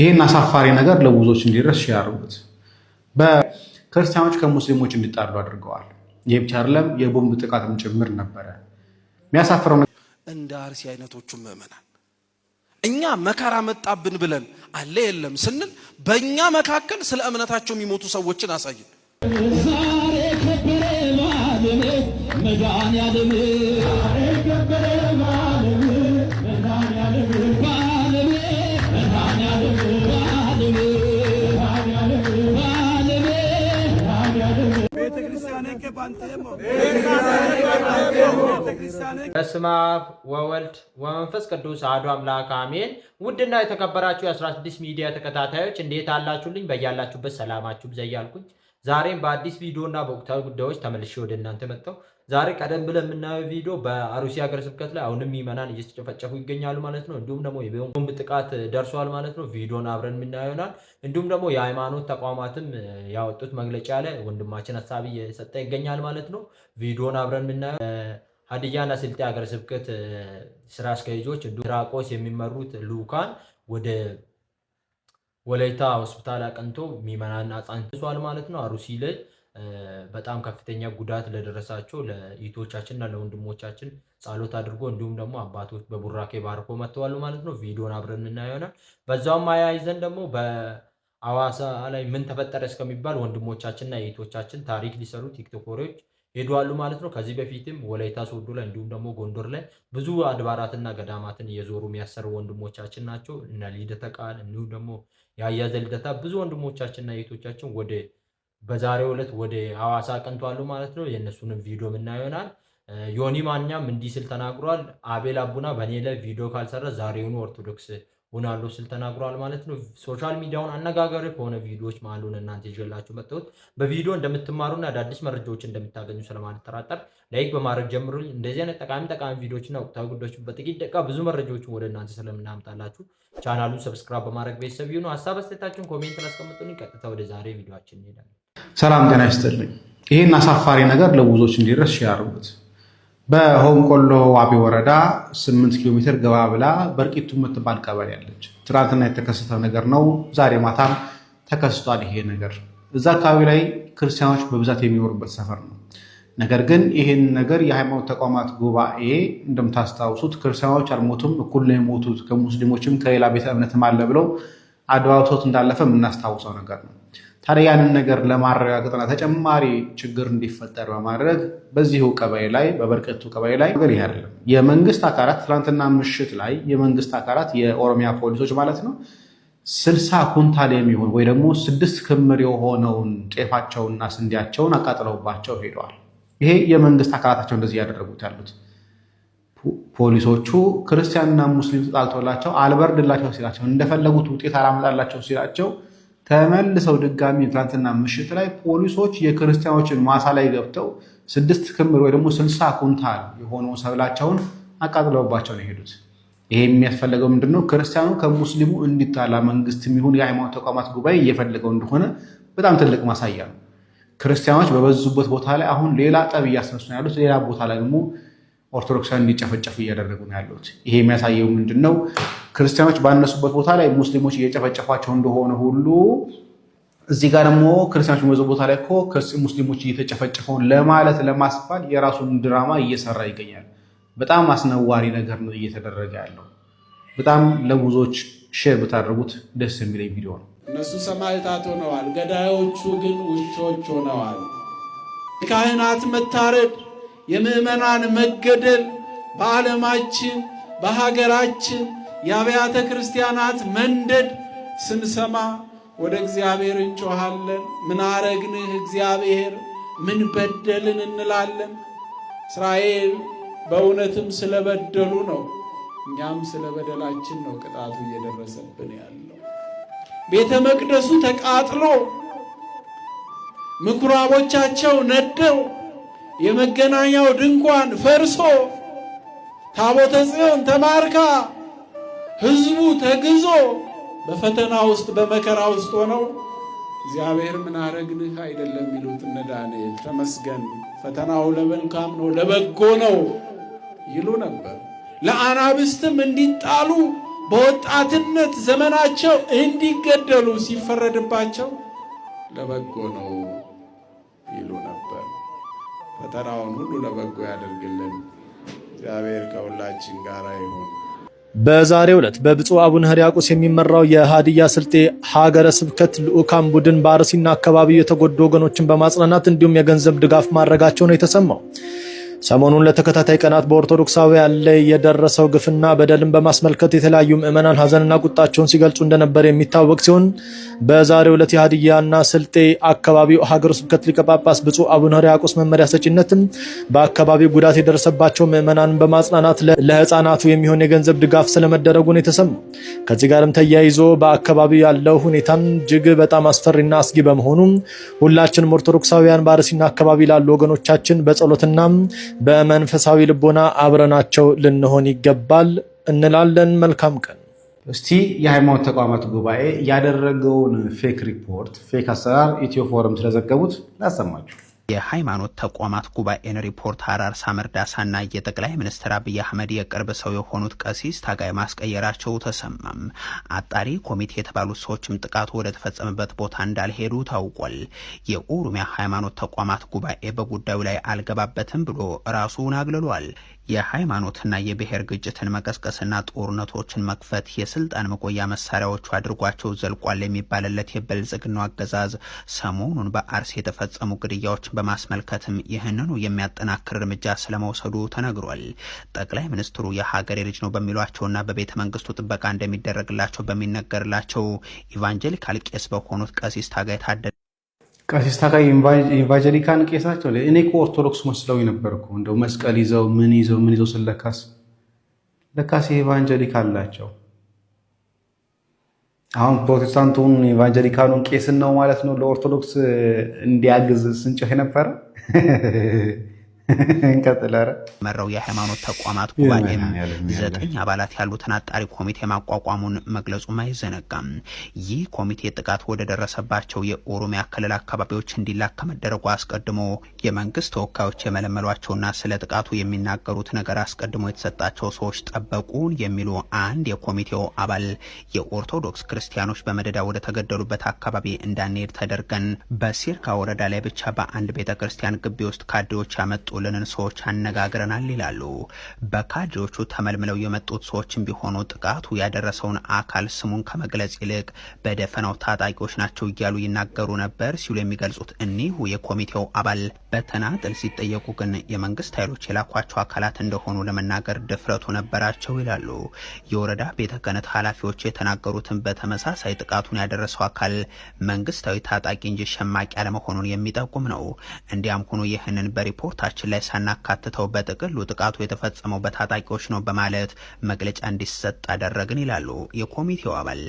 ይህን አሳፋሪ ነገር ለብዙዎች እንዲደርስ ያደርጉት በክርስቲያኖች ከሙስሊሞች እንዲጣሉ አድርገዋል። ይህ ብቻ አይደለም፣ የቦምብ ጥቃትም ጭምር ነበረ። የሚያሳፍረው እንደ አርሲ አይነቶቹ ምዕመናን እኛ መከራ መጣብን ብለን አለ የለም ስንል በእኛ መካከል ስለ እምነታቸው የሚሞቱ ሰዎችን አሳየን። ዛሬ ከበረ በስመ አብ ወወልድ ወመንፈስ ቅዱስ አሐዱ አምላክ አሜን። ውድና የተከበራችሁ የ16 ሚዲያ ተከታታዮች እንዴት አላችሁልኝ? በያላችሁበት ሰላማችሁ ብዛ እያልኩኝ ዛሬም በአዲስ ቪዲዮ እና በወቅታዊ ጉዳዮች ተመልሼ ወደ እናንተ መጥተው ዛሬ ቀደም ብለን የምናየው ቪዲዮ በአሩሲ ሀገረ ስብከት ላይ አሁንም ምዕመናን እየተጨፈጨፉ ይገኛሉ ማለት ነው። እንዲሁም ደግሞ የቦምብ ጥቃት ደርሷል ማለት ነው። ቪዲዮን አብረን የምናየው ይሆናል። እንዲሁም ደግሞ የሃይማኖት ተቋማትም ያወጡት መግለጫ ላይ ወንድማችን ሀሳብ እየሰጠ ይገኛል ማለት ነው። ቪዲዮን አብረን የምናየው ሀዲያና ስልጤ ሀገረ ስብከት ስራ አስኪያጆች እንዲሁም ራቆስ የሚመሩት ልኡካን ወደ ወላይታ ሆስፒታል አቅንቶ ምዕመናን አጽንቷል ማለት ነው። አሩሲ ላይ በጣም ከፍተኛ ጉዳት ለደረሳቸው ለይቶቻችን እና ለወንድሞቻችን ጸሎት አድርጎ እንዲሁም ደግሞ አባቶች በቡራኬ ባርኮ መጥተዋል ማለት ነው። ቪዲዮን አብረን እና ይሆናል በዛውም አያይዘን ደግሞ በአዋሳ ላይ ምን ተፈጠረ እስከሚባል ወንድሞቻችን ወንድሞቻችንና ይቶቻችን ታሪክ ሊሰሩ ቲክቶኮሪዎች ሄደዋሉ ማለት ነው። ከዚህ በፊትም ወላይታ ሶዶ ላይ እንዲሁም ደግሞ ጎንደር ላይ ብዙ አድባራትና ገዳማትን እየዞሩ የሚያሰሩ ወንድሞቻችን ናቸው። እነ ልደተ ቃል እንዲሁም ደግሞ የአያዘ ልደታ ብዙ ወንድሞቻችንና የቶቻችን ወደ በዛሬው ዕለት ወደ ሐዋሳ ቀንቷሉ ማለት ነው። የእነሱንም ቪዲዮ ምና ይሆናል። ዮኒ ማኛም እንዲህ ስል ተናግሯል። አቤል አቡና በእኔ ላይ ቪዲዮ ካልሰራ ዛሬውኑ ኦርቶዶክስ ሆናለሁ ስል ተናግሯል ማለት ነው። ሶሻል ሚዲያውን አነጋጋሪ ከሆነ ቪዲዮዎች ማሉን እናንተ ይዤላችሁ መጥተውት በቪዲዮ እንደምትማሩና አዳዲስ መረጃዎች እንደምታገኙ ስለማልጠራጠር ላይክ በማድረግ ጀምሩ እንደዚህ አይነት ጠቃሚ ጠቃሚ ቪዲዮዎችና ወቅታዊ ጉዳዮች በጥቂት ደቂቃ ብዙ መረጃዎችን ወደ እናንተ ስለምናምጣላችሁ ቻናሉን ሰብስክራይብ በማድረግ ቤተሰብ ይሁኑ። ሀሳብ አስተያየታችሁን ኮሜንት አስቀምጡልኝ። ቀጥታ ወደ ዛሬ ቪዲዮአችን እንሄዳለን። ሰላም ጤና ይስጥልኝ። ይህን አሳፋሪ ነገር ለብዙዎች እንዲደርስ ሻሩበት። በሆም ቆሎ ዋቢ ወረዳ 8 ኪሎ ሜትር ገባ ብላ በርቂቱ የምትባል ቀበሌ ያለች ትናንትና የተከሰተ ነገር ነው። ዛሬ ማታም ተከስቷል ይሄ ነገር። እዛ አካባቢ ላይ ክርስቲያኖች በብዛት የሚኖሩበት ሰፈር ነው። ነገር ግን ይህን ነገር የሃይማኖት ተቋማት ጉባኤ እንደምታስታውሱት ክርስቲያኖች አልሞቱም፣ እኩል ነው የሞቱት ከሙስሊሞችም ከሌላ ቤተ እምነትም አለ ብለው አድባብቶት እንዳለፈ የምናስታውሰው ነገር ነው። ታዲያ ያንን ነገር ለማረጋገጥና ተጨማሪ ችግር እንዲፈጠር በማድረግ በዚሁ ቀበሌ ላይ በበርቀቱ ቀበሌ ላይ ነገር ይሄ የመንግስት አካላት ትናንትና ምሽት ላይ የመንግስት አካላት የኦሮሚያ ፖሊሶች ማለት ነው ስልሳ ኩንታል የሚሆን ወይ ደግሞ ስድስት ክምር የሆነውን ጤፋቸውና ስንዴያቸውን አቃጥለውባቸው ሄደዋል። ይሄ የመንግስት አካላታቸው እንደዚህ ያደረጉት ያሉት ፖሊሶቹ ክርስቲያንና ሙስሊም ተጣልቶላቸው አልበርድላቸው ሲላቸው እንደፈለጉት ውጤት አላመጣላቸው ሲላቸው ተመልሰው ድጋሚ ትናንትና ምሽት ላይ ፖሊሶች የክርስቲያኖችን ማሳ ላይ ገብተው ስድስት ክምር ወይ ደግሞ ስልሳ ኩንታል የሆኑ ሰብላቸውን አቃጥለውባቸው ነው የሄዱት። ይሄ የሚያስፈለገው ምንድን ነው? ክርስቲያኑ ከሙስሊሙ እንዲጣላ መንግስት የሚሆን የሃይማኖት ተቋማት ጉባኤ እየፈለገው እንደሆነ በጣም ትልቅ ማሳያ ነው። ክርስቲያኖች በበዙበት ቦታ ላይ አሁን ሌላ ጠብ እያስነሱ ያሉት ሌላ ቦታ ላይ ደግሞ ኦርቶዶክሳን እንዲጨፈጨፉ እያደረጉ ነው ያሉት። ይሄ የሚያሳየው ምንድን ነው? ክርስቲያኖች ባነሱበት ቦታ ላይ ሙስሊሞች እየጨፈጨፏቸው እንደሆነ ሁሉ እዚህ ጋር ደግሞ ክርስቲያኖች በዙ ቦታ ላይ እኮ ሙስሊሞች እየተጨፈጨፈውን ለማለት ለማስባል የራሱን ድራማ እየሰራ ይገኛል። በጣም አስነዋሪ ነገር ነው እየተደረገ ያለው። በጣም ለብዙዎች ሼር ብታደርጉት ደስ የሚለኝ ቪዲዮ ነው። እነሱ ሰማዕታት ሆነዋል፣ ገዳዮቹ ግን ውሾች ሆነዋል። ካህናት መታረድ የምዕመናን መገደል በዓለማችን በሀገራችን የአብያተ ክርስቲያናት መንደድ ስንሰማ ወደ እግዚአብሔር እንጮኻለን። ምን አረግንህ እግዚአብሔር፣ ምን በደልን እንላለን። እስራኤል በእውነትም ስለበደሉ ነው። እኛም ስለ በደላችን ነው ቅጣቱ እየደረሰብን ያለው። ቤተ መቅደሱ ተቃጥሎ ምኩራቦቻቸው ነደው የመገናኛው ድንኳን ፈርሶ ታቦተ ጽዮን ተማርካ ሕዝቡ ተግዞ በፈተና ውስጥ በመከራ ውስጥ ሆነው እግዚአብሔር ምን አረግንህ አይደለም የሚሉት እነ ዳንኤል ተመስገን፣ ፈተናው ለመልካም ነው ለበጎ ነው ይሉ ነበር። ለአናብስትም እንዲጣሉ በወጣትነት ዘመናቸው እንዲገደሉ ሲፈረድባቸው ለበጎ ነው ፈተናውን ሁሉ ለበጎ ያደርግልን። እግዚአብሔር ከሁላችን ጋር ይሁን። በዛሬ ዕለት በብፁዕ አቡነ ሕርያቆስ የሚመራው የሀዲያ ስልጤ ሀገረ ስብከት ልዑካን ቡድን በአርሲና አካባቢው የተጎዱ ወገኖችን በማጽናናት እንዲሁም የገንዘብ ድጋፍ ማድረጋቸው ነው የተሰማው። ሰሞኑን ለተከታታይ ቀናት በኦርቶዶክሳውያን ላይ የደረሰው ግፍና በደልን በማስመልከት የተለያዩ ምዕመናን ሀዘንና ቁጣቸውን ሲገልጹ እንደነበር የሚታወቅ ሲሆን በዛሬው ዕለት የሀዲያና ስልጤ አካባቢው ሀገረ ስብከት ሊቀ ጳጳስ ብፁዕ አቡነ ሕርያቆስ መመሪያ ሰጪነትም በአካባቢው ጉዳት የደረሰባቸው ምዕመናንን በማጽናናት ለሕፃናቱ የሚሆን የገንዘብ ድጋፍ ነው የተሰሙ። ከዚህ ጋርም ተያይዞ በአካባቢው ያለው ሁኔታን እጅግ በጣም አስፈሪና አስጊ በመሆኑ ሁላችንም ኦርቶዶክሳውያን በአርሲና አካባቢ ላሉ ወገኖቻችን በጸሎትና በመንፈሳዊ ልቦና አብረናቸው ልንሆን ይገባል እንላለን። መልካም ቀን። እስቲ የሃይማኖት ተቋማት ጉባኤ ያደረገውን ፌክ ሪፖርት ፌክ አሰራር ኢትዮ ፎረም ስለዘገቡት ላሰማችሁ። የሃይማኖት ተቋማት ጉባኤን ሪፖርት ሀራርሳ መርዳሳና የጠቅላይ ሚኒስትር አብይ አህመድ የቅርብ ሰው የሆኑት ቀሲስ ታጋይ ማስቀየራቸው ተሰማም። አጣሪ ኮሚቴ የተባሉት ሰዎችም ጥቃቱ ወደ ተፈጸመበት ቦታ እንዳልሄዱ ታውቋል። የኦሮሚያ ሃይማኖት ተቋማት ጉባኤ በጉዳዩ ላይ አልገባበትም ብሎ ራሱን አግልሏል። የሃይማኖትና የብሔር ግጭትን መቀስቀስና ጦርነቶችን መክፈት የስልጣን መቆያ መሳሪያዎቹ አድርጓቸው ዘልቋል የሚባልለት የብልጽግናው አገዛዝ ሰሞኑን በአርሲ የተፈጸሙ ግድያዎችን በማስመልከትም ይህንኑ የሚያጠናክር እርምጃ ስለመውሰዱ ተነግሯል። ጠቅላይ ሚኒስትሩ የሀገሬ ልጅ ነው በሚሏቸውና በቤተ መንግስቱ ጥበቃ እንደሚደረግላቸው በሚነገርላቸው ኢቫንጀሊካል ቄስ በሆኑት ቀሲስ ታጋይ ታደለ ቀሲስ ታጋይ ኢቫንጀሊካን ቄስ ናቸው። እኔ እኮ ኦርቶዶክስ መስለው ነበር እኮ እንደው መስቀል ይዘው ምን ይዘው ምን ይዘው ስለካስ ለካስ ኢቫንጀሊካን አላቸው። አሁን ፕሮቴስታንቱን ኢቫንጀሊካኑን ቄስን ነው ማለት ነው ለኦርቶዶክስ እንዲያግዝ ስንጮህ ነበረ። መራው የሃይማኖት ተቋማት ጉባኤም ዘጠኝ አባላት ያሉትን አጣሪ ኮሚቴ ማቋቋሙን መግለጹም አይዘነጋም። ይህ ኮሚቴ ጥቃት ወደ ደረሰባቸው የኦሮሚያ ክልል አካባቢዎች እንዲላክ ከመደረጉ አስቀድሞ የመንግስት ተወካዮች የመለመሏቸውና ስለ ጥቃቱ የሚናገሩት ነገር አስቀድሞ የተሰጣቸው ሰዎች ጠበቁን የሚሉ አንድ የኮሚቴው አባል የኦርቶዶክስ ክርስቲያኖች በመደዳ ወደ ተገደሉበት አካባቢ እንዳንሄድ ተደርገን በሲርካ ወረዳ ላይ ብቻ በአንድ ቤተ ክርስቲያን ግቢ ውስጥ ካድሬዎች ያመጡ የመጡልንን ሰዎች አነጋግረናል ይላሉ። በካድሬዎቹ ተመልምለው የመጡት ሰዎችም ቢሆኑ ጥቃቱ ያደረሰውን አካል ስሙን ከመግለጽ ይልቅ በደፈናው ታጣቂዎች ናቸው እያሉ ይናገሩ ነበር ሲሉ የሚገልጹት እኒሁ የኮሚቴው አባል በተናጥል ሲጠየቁ ግን የመንግስት ኃይሎች የላኳቸው አካላት እንደሆኑ ለመናገር ድፍረቱ ነበራቸው ይላሉ። የወረዳ ቤተ ክህነት ኃላፊዎች የተናገሩትን በተመሳሳይ ጥቃቱን ያደረሰው አካል መንግስታዊ ታጣቂ እንጂ ሸማቂ አለመሆኑን የሚጠቁም ነው። እንዲያም ሆኖ ይህንን በሪፖርታችን ሪፖርታችን ላይ ሳናካትተው በጥቅሉ ጥቃቱ የተፈጸመው በታጣቂዎች ነው በማለት መግለጫ እንዲሰጥ አደረግን ይላሉ የኮሚቴው አባል።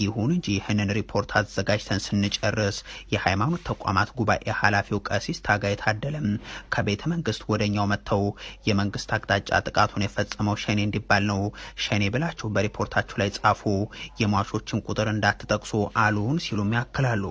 ይሁን እንጂ ይህንን ሪፖርት አዘጋጅተን ስንጨርስ የሃይማኖት ተቋማት ጉባኤ ኃላፊው ቀሲስ ታጋይ ታደለም ከቤተ መንግስት ወደኛው መጥተው የመንግስት አቅጣጫ ጥቃቱን የፈጸመው ሸኔ እንዲባል ነው፣ ሸኔ ብላችሁ በሪፖርታችሁ ላይ ጻፉ፣ የሟቾችን ቁጥር እንዳትጠቅሱ አሉን ሲሉም ያክላሉ።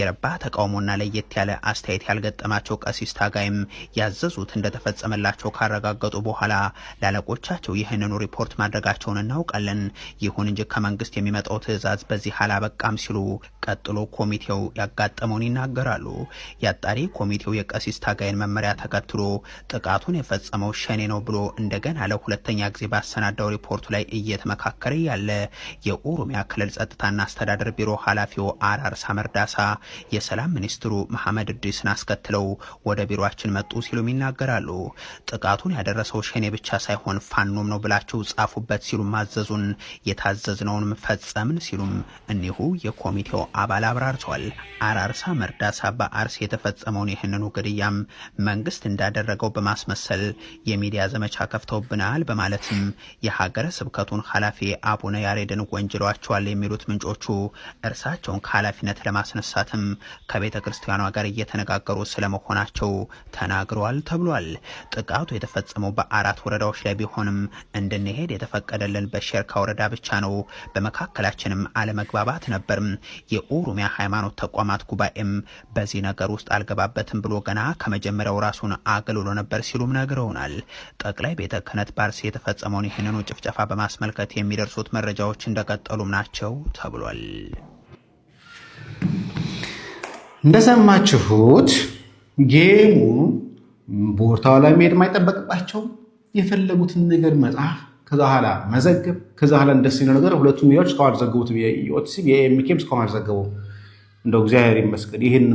የረባ ተቃውሞና ለየት ያለ አስተያየት ያልገጠማቸው ቀሲስ ታጋይም ያዘዙ ያዘዙት እንደተፈጸመላቸው ካረጋገጡ በኋላ ላለቆቻቸው ይህንኑ ሪፖርት ማድረጋቸውን እናውቃለን። ይሁን እንጂ ከመንግስት የሚመጣው ትዕዛዝ በዚህ አላበቃም ሲሉ ቀጥሎ ኮሚቴው ያጋጠመውን ይናገራሉ። የአጣሪ ኮሚቴው የቀሲስ ታጋይን መመሪያ ተከትሎ ጥቃቱን የፈጸመው ሸኔ ነው ብሎ እንደገና ለሁለተኛ ጊዜ ባሰናዳው ሪፖርቱ ላይ እየተመካከረ ያለ የኦሮሚያ ክልል ጸጥታና አስተዳደር ቢሮ ኃላፊው አራርሳ መርዳሳ የሰላም ሚኒስትሩ መሐመድ እድሪስን አስከትለው ወደ ቢሮችን መጡ ሲሉ ሚና ይናገራሉ። ጥቃቱን ያደረሰው ሸኔ ብቻ ሳይሆን ፋኖም ነው ብላችሁ ጻፉበት ሲሉ ማዘዙን የታዘዝነውንም ፈጸምን ሲሉም እኒሁ የኮሚቴው አባል አብራርተዋል። አራርሳ መርዳሳ በአርሲ የተፈጸመውን ይህንኑ ግድያም መንግስት እንዳደረገው በማስመሰል የሚዲያ ዘመቻ ከፍተውብናል በማለትም የሀገረ ስብከቱን ኃላፊ አቡነ ያሬድን ወንጅሏቸዋል የሚሉት ምንጮቹ እርሳቸውን ከኃላፊነት ለማስነሳትም ከቤተ ክርስቲያኗ ጋር እየተነጋገሩ ስለመሆናቸው ተናግረዋል። ተብሏል። ጥቃቱ የተፈጸመው በአራት ወረዳዎች ላይ ቢሆንም እንድንሄድ የተፈቀደልን በሸርካ ወረዳ ብቻ ነው። በመካከላችንም አለመግባባት ነበር። የኦሮሚያ ሃይማኖት ተቋማት ጉባኤም በዚህ ነገር ውስጥ አልገባበትም ብሎ ገና ከመጀመሪያው ራሱን አገልሎ ነበር ሲሉም ነግረውናል። ጠቅላይ ቤተ ክህነት ባርሲ የተፈጸመውን ይህንኑ ጭፍጨፋ በማስመልከት የሚደርሱት መረጃዎች እንደቀጠሉም ናቸው ተብሏል። እንደሰማችሁት ጌሙ ቦታው ላይ መሄድ የማይጠበቅባቸው የፈለጉትን ነገር መጽሐፍ ከዛ ኋላ መዘገብ ከዛ ኋላ እንደስ ነው ነገር ሁለቱ ሚዲያዎች እስካሁን አልዘገቡትም። የኦቲሲ የኤምኬም እስካሁን አልዘገቡም። እንደው እግዚአብሔር ይመስገን። ይህን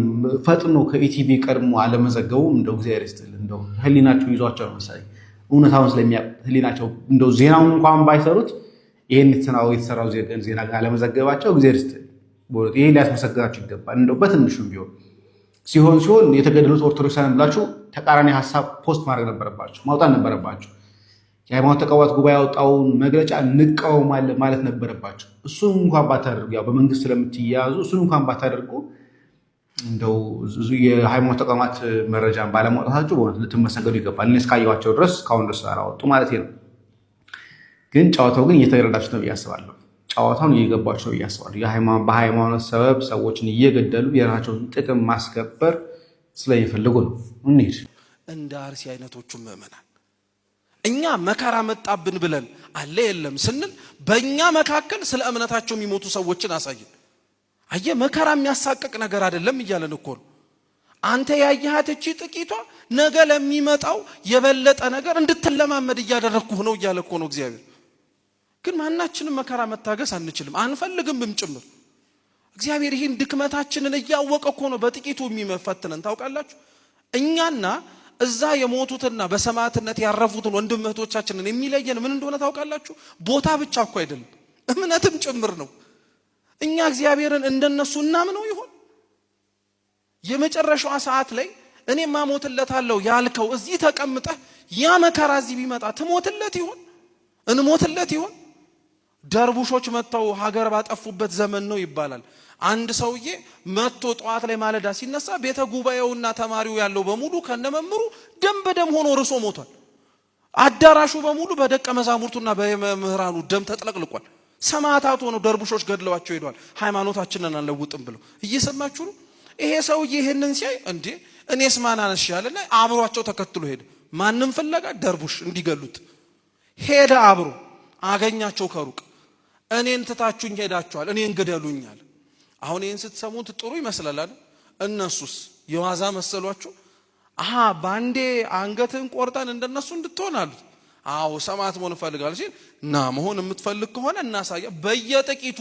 ፈጥኖ ከኢቲቪ ቀድሞ አለመዘገቡ እንደው እግዚአብሔር ይስጥል። እንደው ህሊናቸው ይዟቸው መሰለኝ እውነታውን ስለሚያውቅ ህሊናቸው እንደው ዜናውን እንኳን ባይሰሩት ይህን የተሰራው ዜና ግን አለመዘገባቸው እግዚአብሔር ይስጥል። ይህ ሊያስመሰግናቸው ይገባል። እንደው በትንሹም ቢሆን ሲሆን ሲሆን የተገደሉት ኦርቶዶክሳን ብላችሁ ተቃራኒ ሀሳብ ፖስት ማድረግ ነበረባቸው፣ ማውጣት ነበረባቸው። የሃይማኖት ተቋማት ጉባኤ ያወጣውን መግለጫ እንቃወማለን ማለት ነበረባቸው። እሱን እንኳን ባታደርጉ፣ ያው በመንግስት ስለምትያያዙ እሱን እንኳን ባታደርጉ እንደው የሃይማኖት ተቋማት መረጃ ባለማውጣታቸው በእውነት ልትመሰገዱ ይገባል። እኔ እስካየኋቸው ድረስ እስካሁን ድረስ አላወጡ ማለት ነው። ግን ጨዋታው ግን እየተረዳችሁ ነው ብዬ አስባለሁ። ጨዋታውን እየገባችሁ ነው ብዬ አስባለሁ። በሃይማኖት ሰበብ ሰዎችን እየገደሉ የራሳቸውን ጥቅም ማስከበር ስለየፈለጉ ነው። እንሂድ። እንደ አርሲ አይነቶቹ ምእመናን እኛ መከራ መጣብን ብለን አለ የለም ስንል በእኛ መካከል ስለ እምነታቸው የሚሞቱ ሰዎችን አሳየን። አየ መከራ የሚያሳቅቅ ነገር አይደለም እያለን እኮ ነው። አንተ ያየሃት እቺ ጥቂቷ ነገ ለሚመጣው የበለጠ ነገር እንድትለማመድ እያደረግኩህ ነው እያለ እኮ ነው እግዚአብሔር። ግን ማናችንም መከራ መታገስ አንችልም፣ አንፈልግም ጭምር እግዚአብሔር ይህን ድክመታችንን እያወቀ እኮ ነው በጥቂቱ የሚመፈትንን ታውቃላችሁ እኛና እዛ የሞቱትና በሰማዕትነት ያረፉትን ወንድም እህቶቻችንን የሚለየን ምን እንደሆነ ታውቃላችሁ? ቦታ ብቻ እኮ አይደለም፣ እምነትም ጭምር ነው። እኛ እግዚአብሔርን እንደነሱ እናምነው ይሆን? የመጨረሻዋ ሰዓት ላይ እኔ ማሞትለታለሁ ያልከው እዚህ ተቀምጠህ ያ መከራ እዚህ ቢመጣ ትሞትለት ይሆን? እንሞትለት ይሆን? ደርቡሾች መጥተው ሀገር ባጠፉበት ዘመን ነው ይባላል። አንድ ሰውዬ መጥቶ ጠዋት ላይ ማለዳ ሲነሳ ቤተ ጉባኤውና ተማሪው ያለው በሙሉ ከነመምሩ ደም በደም ሆኖ ርሶ ሞቷል። አዳራሹ በሙሉ በደቀ መዛሙርቱና በመምህራኑ ደም ተጥለቅልቋል። ሰማዕታት ሆነው ደርቡሾች ገድለዋቸው ሄደዋል። ሃይማኖታችንን አንለውጥም ብለው እየሰማችሁ ነው። ይሄ ሰውዬ ይህንን ሲያይ እንዴ እኔስ ማን አነሻለና አብሯቸው ተከትሎ ሄደ። ማንም ፍለጋ ደርቡሽ እንዲገሉት ሄደ። አብሮ አገኛቸው። ከሩቅ እኔን ትታችሁኝ ሄዳችኋል፣ እኔን ግደሉኛል አሁን ይህን ስትሰሙት ጥሩ ይመስላል አይደል? እነሱስ የዋዛ መሰሏችሁ? አሀ ባንዴ አንገትህን ቆርጠን እንደነሱ እንድትሆን አሉት። አዎ ሰማዕት መሆን እፈልጋለሁ ሲል እና መሆን የምትፈልግ ከሆነ እናሳያ። በየጥቂቱ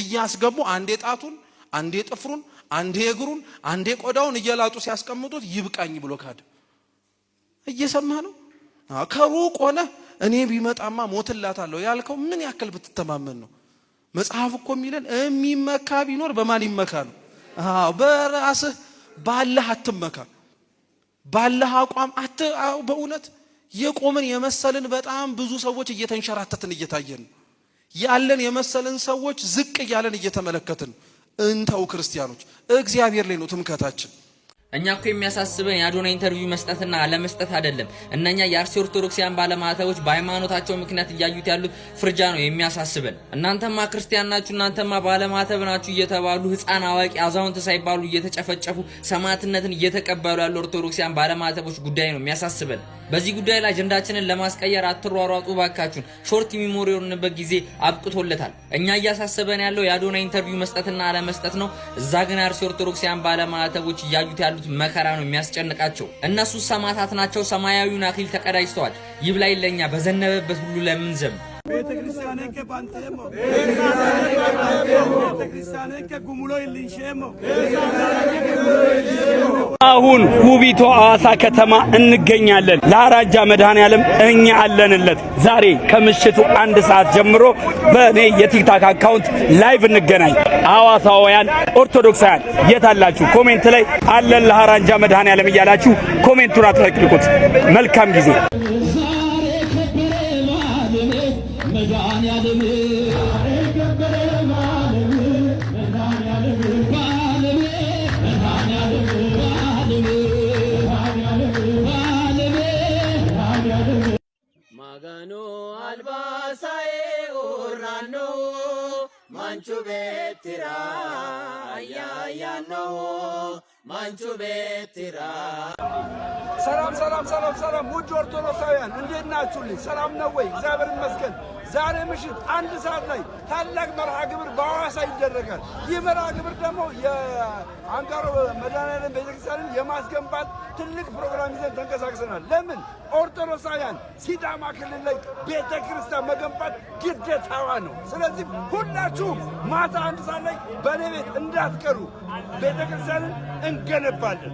እያስገቡ አንዴ ጣቱን፣ አንዴ ጥፍሩን፣ አንዴ እግሩን፣ አንዴ ቆዳውን እየላጡ ሲያስቀምጡት ይብቃኝ ብሎ ካደ። እየሰማ ነው። ከሩቅ ሆነ እኔ ቢመጣማ ሞትላታለሁ ያልከው ምን ያክል ብትተማመን ነው? መጽሐፍ እኮ የሚለን የሚመካ ቢኖር በማን ይመካ ነው? አዎ በራስህ ባለህ አትመካ፣ ባለህ አቋም አት በእውነት የቆምን የመሰልን በጣም ብዙ ሰዎች እየተንሸራተትን እየታየን ያለን የመሰልን ሰዎች ዝቅ እያለን እየተመለከትን እንተው ክርስቲያኖች፣ እግዚአብሔር ላይ ነው ትምከታችን። እኛ እኮ የሚያሳስበን የአዶናይ ኢንተርቪው መስጠትና አለመስጠት አይደለም። እነኛ የአርሲ ኦርቶዶክሲያን ባለማዕተቦች በሃይማኖታቸው ምክንያት እያዩት ያሉት ፍርጃ ነው የሚያሳስበን። እናንተማ ክርስቲያን ናችሁ፣ እናንተማ ባለማዕተብ ናችሁ እየተባሉ ህፃን አዋቂ አዛውንት ሳይባሉ እየተጨፈጨፉ ሰማዕትነትን እየተቀበሉ ያሉ ኦርቶዶክሲያን ባለማዕተቦች ጉዳይ ነው የሚያሳስበን። በዚህ ጉዳይ ላይ አጀንዳችንን ለማስቀየር አትሯሯጡ ባካችሁን። ሾርት ሚሞሪ የሆንበት ጊዜ አብቅቶለታል። እኛ እያሳሰበን ያለው የአዶናይ ኢንተርቪው መስጠትና አለመስጠት ነው። እዛ ግን አርሲ ኦርቶዶክሲያን ባለማዕተቦች እያዩት ያሉት መከራ ነው የሚያስጨንቃቸው። እነሱ ሰማዕታት ናቸው፣ ሰማያዊውን አክሊል ተቀዳጅተዋል። ይብላኝ ለእኛ በዘነበበት ሁሉ ለምንዘም ቤተክርስቲያንን ከባንቴሞ ቤተክርስቲያንን አሁን ውቢቶ ሐዋሳ ከተማ እንገኛለን። ለአራጃ መድኃኔዓለም እኛ አለንለት። ዛሬ ከምሽቱ አንድ ሰዓት ጀምሮ በእኔ የቲክታክ አካውንት ላይቭ እንገናኝ። ሐዋሳውያን ኦርቶዶክሳውያን የት አላችሁ? ኮሜንት ላይ አለን ለአራጃ መድኃኔዓለም እያላችሁ ኮሜንቱን አትለቅልቁት። መልካም ጊዜ አንቹ ቤትራ አያያነሆ ማንቹ ቤትራ ሰላም ሰላም ሰላም ሰላም። ውድ ኦርቶዶክሳውያን እንዴት ናችሁልኝ? ሰላም ነው ወይ? እግዚአብሔር ይመስገን። ዛሬ ምሽት አንድ ሰዓት ላይ ታላቅ መርሃ ግብር በሐዋሳ ይደረጋል። ይህ መርሃ ግብር ደግሞ የአንጋሮ መድኃኔዓለም ቤተክርስቲያንን የማስገንባት ትልቅ ፕሮግራም ይዘን ተንቀሳቅሰናል። ለምን ኦርቶዶክሳውያን ሲዳማ ክልል ላይ ቤተክርስቲያን መገንባት ግዴታዋ ነው። ስለዚህ ሁላችሁም ማታ አንድ ሰዓት ላይ በእኔ ቤት እንዳትቀሩ ቤተ ክርስቲያንን እንገነባለን።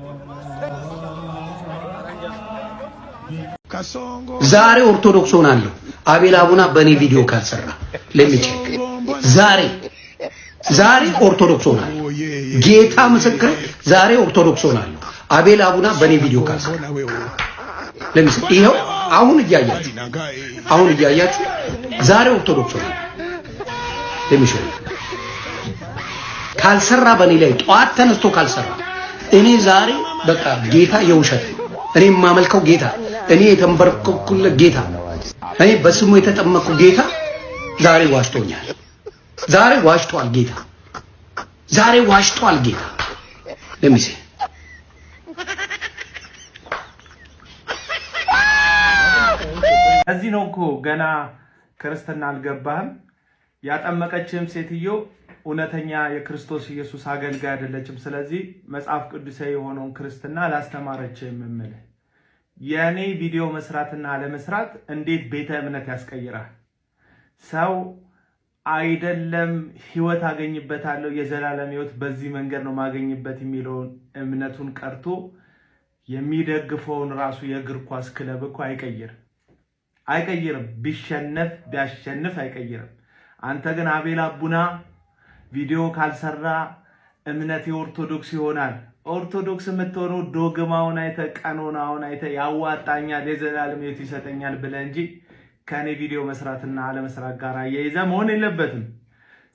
ዛሬ ኦርቶዶክስ ሆናለሁ አቤል አቡና በእኔ ቪዲዮ ካልሰራ ለሚቸክ ዛሬ ዛሬ ኦርቶዶክስ ሆናለሁ። ጌታ ምስክር፣ ዛሬ ኦርቶዶክስ ሆናለሁ አቤል አቡና በእኔ ቪዲዮ ካልሰራ ለሚቸክ። ይኸው አሁን እያያችሁ አሁን እያያችሁ ዛሬ ኦርቶዶክስ ሆናለሁ ለሚቸክ ካልሰራ በእኔ ላይ ጠዋት ተነስቶ ካልሰራ እኔ ዛሬ በቃ ጌታ የውሸት እኔ የማመልከው ጌታ እኔ የተንበረከኩለት ጌታ እኔ በስሙ የተጠመቁ ጌታ ዛሬ ዋሽቶኛል። ዛሬ ዋሽቷል ጌታ። ዛሬ ዋሽቷል ጌታ። ለሚሴ እዚህ ነው እኮ ገና ክርስትና አልገባህም ያጠመቀችም ሴትዮ እውነተኛ የክርስቶስ ኢየሱስ አገልጋይ አይደለችም። ስለዚህ መጽሐፍ ቅዱሳዊ የሆነውን ክርስትና አላስተማረችም። የምልህ የእኔ ቪዲዮ መስራትና አለመስራት እንዴት ቤተ እምነት ያስቀይራል? ሰው አይደለም ህይወት አገኝበታለሁ የዘላለም ህይወት በዚህ መንገድ ነው ማገኝበት የሚለውን እምነቱን ቀርቶ የሚደግፈውን ራሱ የእግር ኳስ ክለብ እኮ አይቀይርም አይቀይርም። ቢሸነፍ ቢያሸንፍ አይቀይርም። አንተ ግን አቤል አቡና ቪዲዮ ካልሰራ እምነት የኦርቶዶክስ ይሆናል። ኦርቶዶክስ የምትሆነው ዶግማውን አይተ ቀኖናውን አይተ ያዋጣኛል የዘላለም ሕይወት ይሰጠኛል ብለ እንጂ ከእኔ ቪዲዮ መስራትና አለመስራት ጋር እየይዘ መሆን የለበትም።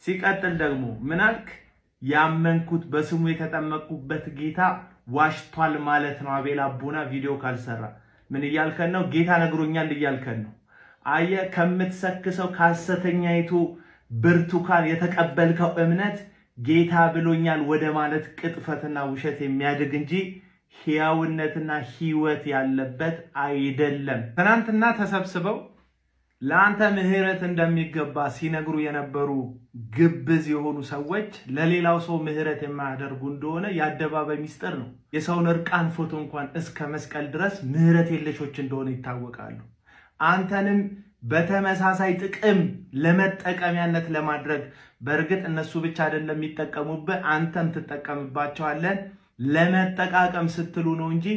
ሲቀጥል ደግሞ ምናልክ ያመንኩት በስሙ የተጠመቅኩበት ጌታ ዋሽቷል ማለት ነው። አቤል አቡና ቪዲዮ ካልሰራ ምን እያልከን ነው? ጌታ ነግሮኛል እያልከን ነው። አየ ከምትሰክሰው ከሐሰተኛይቱ ብርቱካን የተቀበልከው እምነት ጌታ ብሎኛል ወደ ማለት ቅጥፈትና ውሸት የሚያድግ እንጂ ሕያውነትና ሕይወት ያለበት አይደለም። ትናንትና ተሰብስበው ለአንተ ምሕረት እንደሚገባ ሲነግሩ የነበሩ ግብዝ የሆኑ ሰዎች ለሌላው ሰው ምሕረት የማያደርጉ እንደሆነ የአደባባይ ሚስጥር ነው። የሰውን እርቃን ፎቶ እንኳን እስከ መስቀል ድረስ ምሕረት የለሾች እንደሆነ ይታወቃሉ። አንተንም በተመሳሳይ ጥቅም ለመጠቀሚያነት ለማድረግ በእርግጥ እነሱ ብቻ አይደለም የሚጠቀሙብህ፣ አንተም ትጠቀምባቸዋለን። ለመጠቃቀም ስትሉ ነው እንጂ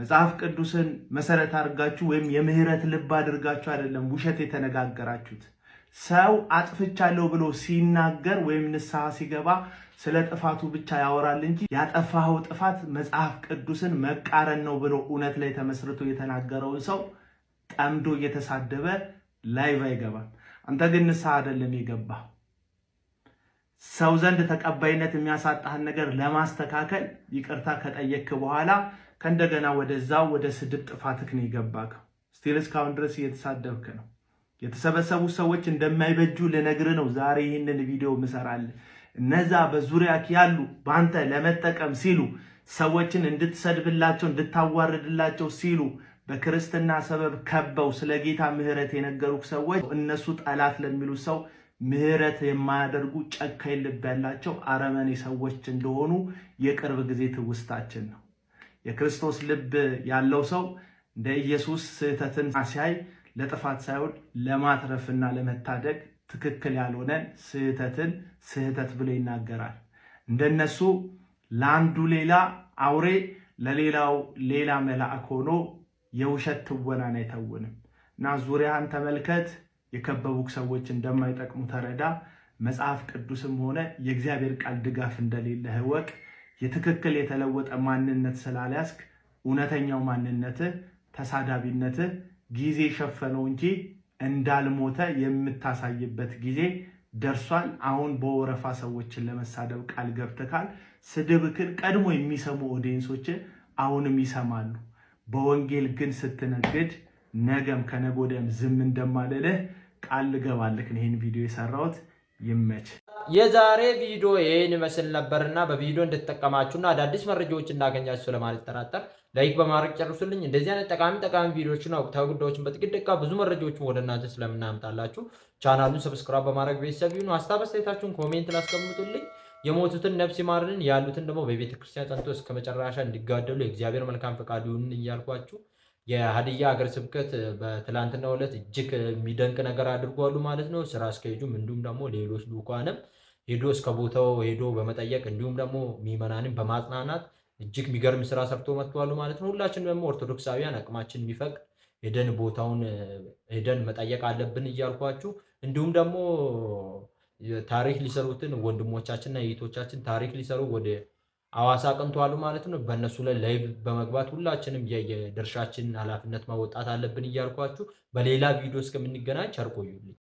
መጽሐፍ ቅዱስን መሰረት አድርጋችሁ ወይም የምህረት ልብ አድርጋችሁ አይደለም ውሸት የተነጋገራችሁት። ሰው አጥፍቻለሁ ብሎ ሲናገር ወይም ንስሐ ሲገባ ስለ ጥፋቱ ብቻ ያወራል እንጂ ያጠፋኸው ጥፋት መጽሐፍ ቅዱስን መቃረን ነው ብሎ እውነት ላይ ተመስርቶ የተናገረውን ሰው ጠምዶ እየተሳደበ ላይቭ አይገባም። አንተ ግን ንስሐ አይደለም የገባ ሰው ዘንድ ተቀባይነት የሚያሳጣህን ነገር ለማስተካከል ይቅርታ ከጠየክ በኋላ ከእንደገና ወደዛው ወደ ስድብ ጥፋትክ ነው የገባክ። ስቲል እስካሁን ድረስ እየተሳደብክ ነው። የተሰበሰቡ ሰዎች እንደማይበጁ ልነግር ነው ዛሬ ይህንን ቪዲዮ ምሰራል። እነዛ በዙሪያክ ያሉ በአንተ ለመጠቀም ሲሉ ሰዎችን እንድትሰድብላቸው እንድታዋርድላቸው ሲሉ በክርስትና ሰበብ ከበው ስለ ጌታ ምሕረት የነገሩክ ሰዎች እነሱ ጠላት ለሚሉ ሰው ምሕረት የማያደርጉ ጨካኝ ልብ ያላቸው አረመኔ ሰዎች እንደሆኑ የቅርብ ጊዜ ትውስታችን ነው። የክርስቶስ ልብ ያለው ሰው እንደ ኢየሱስ ስህተትን ሲያይ ለጥፋት ሳይሆን ለማትረፍና ለመታደግ ትክክል ያልሆነን ስህተትን ስህተት ብሎ ይናገራል። እንደነሱ ለአንዱ ሌላ አውሬ ለሌላው ሌላ መልአክ ሆኖ የውሸት ትወናን አይተውንም እና ዙሪያን ተመልከት፣ የከበቡክ ሰዎች እንደማይጠቅሙ ተረዳ። መጽሐፍ ቅዱስም ሆነ የእግዚአብሔር ቃል ድጋፍ እንደሌለ እወቅ። የትክክል የተለወጠ ማንነት ስላልያዝክ እውነተኛው ማንነትህ ተሳዳቢነትህ ጊዜ ሸፈነው እንጂ እንዳልሞተ የምታሳይበት ጊዜ ደርሷል። አሁን በወረፋ ሰዎችን ለመሳደብ ቃል ገብተካል። ስድብክን ቀድሞ የሚሰሙ ኦዲየንሶች አሁንም ይሰማሉ። በወንጌል ግን ስትነግድ ነገም ከነገ ወዲያም ዝም እንደማልልህ ቃል ልገባልህ። ይህን ቪዲዮ የሰራሁት ይመች። የዛሬ ቪዲዮ ይህን ይመስል ነበርና በቪዲዮ እንድትጠቀማችሁና አዳዲስ መረጃዎች እንዳገኛችሁ ስለማልጠራጠር ላይክ በማድረግ ጨርሱልኝ። እንደዚህ አይነት ጠቃሚ ጠቃሚ ቪዲዮዎችን ወቅታዊ ጉዳዮችን በጥቂት ደቂቃ ብዙ መረጃዎችን ወደ እናንተ ስለምናምጣላችሁ ቻናሉን ሰብስክራይብ በማድረግ ቤተሰብ ይሁኑ። ሀሳብ አስተያየታችሁን ኮሜንት ላስቀምጡልኝ። የሞቱትን ነፍስ ይማርልን ያሉትን ደግሞ በቤተ ክርስቲያን ጸንቶ እስከ መጨረሻ እንዲጋደሉ የእግዚአብሔር መልካም ፈቃዱ ይሁን እያልኳችሁ የሀዲያ ሀገር ስብከት በትላንትናው ዕለት እጅግ የሚደንቅ ነገር አድርጓሉ ማለት ነው። ስራ አስኪያጁም እንዲሁም ደግሞ ሌሎች ልኡካንም ሄዶ እስከ ቦታው ሄዶ በመጠየቅ እንዲሁም ደግሞ ምዕመናንን በማጽናናት እጅግ የሚገርም ስራ ሰርቶ መጥተዋሉ ማለት ነው። ሁላችን ደግሞ ኦርቶዶክሳዊያን አቅማችን የሚፈቅድ ሄደን ቦታውን ሄደን መጠየቅ አለብን እያልኳችሁ እንዲሁም ደግሞ ታሪክ ሊሰሩትን ወንድሞቻችንና እህቶቻችን ታሪክ ሊሰሩ ወደ አዋሳ አቅንተዋል ማለት ነው። በእነሱ ላይ ላይቭ በመግባት ሁላችንም የድርሻችንን ኃላፊነት ማወጣት አለብን እያልኳችሁ በሌላ ቪዲዮ እስከምንገናኝ ቸር ቆዩልኝ።